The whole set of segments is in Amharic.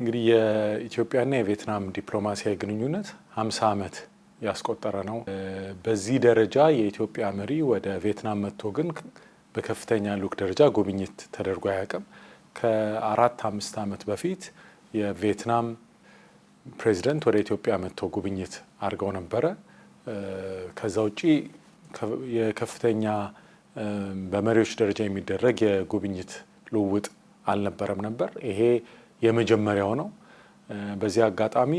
እንግዲህ የኢትዮጵያና የቬትናም ዲፕሎማሲያዊ ግንኙነት 50 ዓመት ያስቆጠረ ነው። በዚህ ደረጃ የኢትዮጵያ መሪ ወደ ቬትናም መጥቶ ግን በከፍተኛ ልዑክ ደረጃ ጉብኝት ተደርጎ አያውቅም። ከአራት አምስት ዓመት በፊት የቬትናም ፕሬዚደንት ወደ ኢትዮጵያ መጥቶ ጉብኝት አድርገው ነበረ። ከዛ ውጪ የከፍተኛ በመሪዎች ደረጃ የሚደረግ የጉብኝት ልውውጥ አልነበረም ነበር ይሄ የመጀመሪያው ነው። በዚህ አጋጣሚ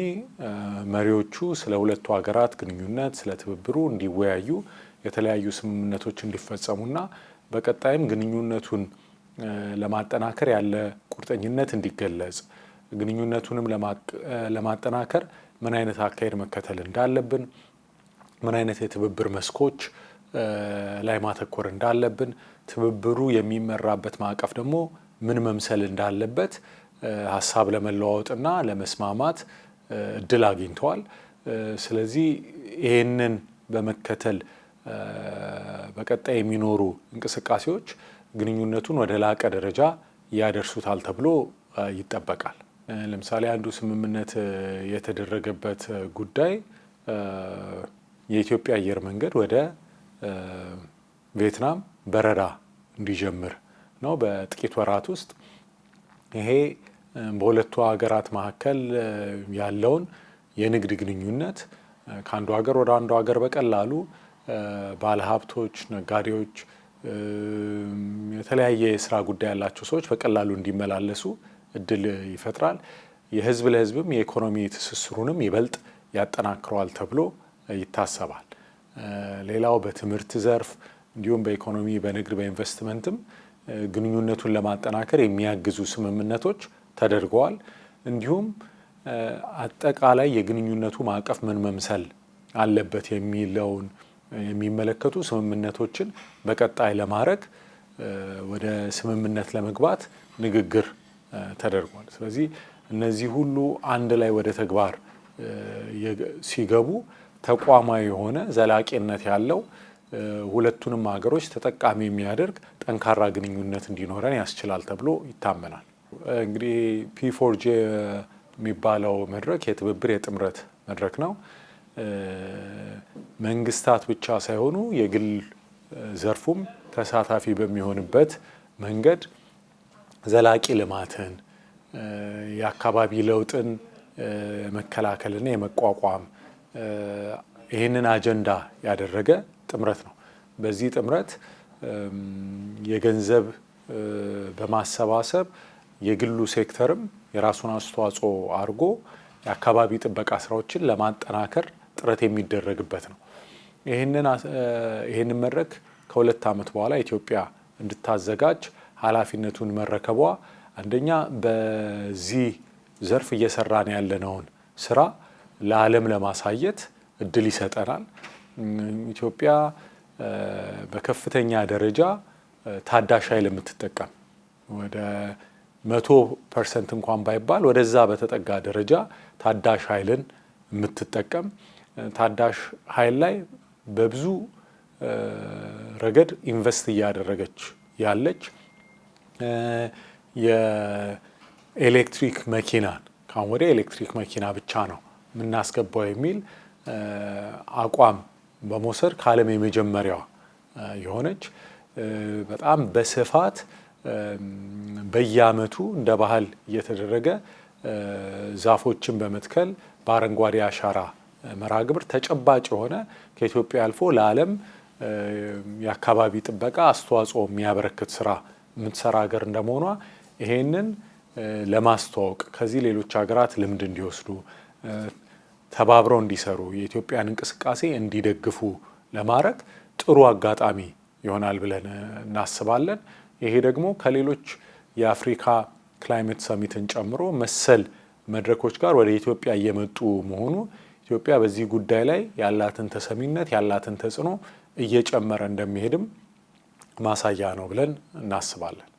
መሪዎቹ ስለ ሁለቱ ሀገራት ግንኙነት፣ ስለ ትብብሩ እንዲወያዩ የተለያዩ ስምምነቶች እንዲፈጸሙና በቀጣይም ግንኙነቱን ለማጠናከር ያለ ቁርጠኝነት እንዲገለጽ ግንኙነቱንም ለማጠናከር ምን አይነት አካሄድ መከተል እንዳለብን ምን አይነት የትብብር መስኮች ላይ ማተኮር እንዳለብን ትብብሩ የሚመራበት ማዕቀፍ ደግሞ ምን መምሰል እንዳለበት ሀሳብ ለመለዋወጥና ለመስማማት እድል አግኝተዋል። ስለዚህ ይህንን በመከተል በቀጣይ የሚኖሩ እንቅስቃሴዎች ግንኙነቱን ወደ ላቀ ደረጃ ያደርሱታል ተብሎ ይጠበቃል። ለምሳሌ አንዱ ስምምነት የተደረገበት ጉዳይ የኢትዮጵያ አየር መንገድ ወደ ቪየትናም በረራ እንዲጀምር ነው በጥቂት ወራት ውስጥ ይሄ በሁለቱ ሀገራት መካከል ያለውን የንግድ ግንኙነት ከአንዱ ሀገር ወደ አንዱ ሀገር በቀላሉ ባለሀብቶች፣ ነጋዴዎች፣ የተለያየ የስራ ጉዳይ ያላቸው ሰዎች በቀላሉ እንዲመላለሱ እድል ይፈጥራል። የህዝብ ለህዝብም የኢኮኖሚ ትስስሩንም ይበልጥ ያጠናክረዋል ተብሎ ይታሰባል። ሌላው በትምህርት ዘርፍ እንዲሁም በኢኮኖሚ በንግድ በኢንቨስትመንትም ግንኙነቱን ለማጠናከር የሚያግዙ ስምምነቶች ተደርገዋል። እንዲሁም አጠቃላይ የግንኙነቱ ማዕቀፍ ምን መምሰል አለበት የሚለውን የሚመለከቱ ስምምነቶችን በቀጣይ ለማድረግ ወደ ስምምነት ለመግባት ንግግር ተደርጓል። ስለዚህ እነዚህ ሁሉ አንድ ላይ ወደ ተግባር ሲገቡ ተቋማዊ የሆነ ዘላቂነት ያለው ሁለቱንም ሀገሮች ተጠቃሚ የሚያደርግ ጠንካራ ግንኙነት እንዲኖረን ያስችላል ተብሎ ይታመናል። እንግዲህ ፒ ጄ የሚባለው መድረክ የትብብር የጥምረት መድረክ ነው። መንግስታት ብቻ ሳይሆኑ የግል ዘርፉም ተሳታፊ በሚሆንበት መንገድ ዘላቂ ልማትን የአካባቢ ለውጥን መከላከልና የመቋቋም ይህንን አጀንዳ ያደረገ ጥምረት ነው። በዚህ ጥምረት የገንዘብ በማሰባሰብ የግሉ ሴክተርም የራሱን አስተዋጽኦ አድርጎ የአካባቢ ጥበቃ ስራዎችን ለማጠናከር ጥረት የሚደረግበት ነው። ይህንን መድረክ ከሁለት ዓመት በኋላ ኢትዮጵያ እንድታዘጋጅ ኃላፊነቱን መረከቧ አንደኛ በዚህ ዘርፍ እየሰራን ያለነውን ስራ ለዓለም ለማሳየት እድል ይሰጠናል። ኢትዮጵያ በከፍተኛ ደረጃ ታዳሽ ኃይል የምትጠቀም ወደ መቶ ፐርሰንት እንኳን ባይባል ወደዛ በተጠጋ ደረጃ ታዳሽ ኃይልን የምትጠቀም ታዳሽ ኃይል ላይ በብዙ ረገድ ኢንቨስት እያደረገች ያለች የኤሌክትሪክ መኪናን ካሁን ወደ ኤሌክትሪክ መኪና ብቻ ነው የምናስገባው የሚል አቋም በመውሰድ ከዓለም የመጀመሪያዋ የሆነች በጣም በስፋት በየዓመቱ እንደ ባህል እየተደረገ ዛፎችን በመትከል በአረንጓዴ አሻራ መራግብር ተጨባጭ የሆነ ከኢትዮጵያ አልፎ ለዓለም የአካባቢ ጥበቃ አስተዋጽኦ የሚያበረክት ስራ የምትሰራ ሀገር እንደመሆኗ ይሄንን ለማስተዋወቅ ከዚህ ሌሎች ሀገራት ልምድ እንዲወስዱ ተባብረው እንዲሰሩ የኢትዮጵያን እንቅስቃሴ እንዲደግፉ ለማድረግ ጥሩ አጋጣሚ ይሆናል ብለን እናስባለን። ይሄ ደግሞ ከሌሎች የአፍሪካ ክላይሜት ሰሚትን ጨምሮ መሰል መድረኮች ጋር ወደ ኢትዮጵያ እየመጡ መሆኑ ኢትዮጵያ በዚህ ጉዳይ ላይ ያላትን ተሰሚነት ያላትን ተጽዕኖ እየጨመረ እንደሚሄድም ማሳያ ነው ብለን እናስባለን።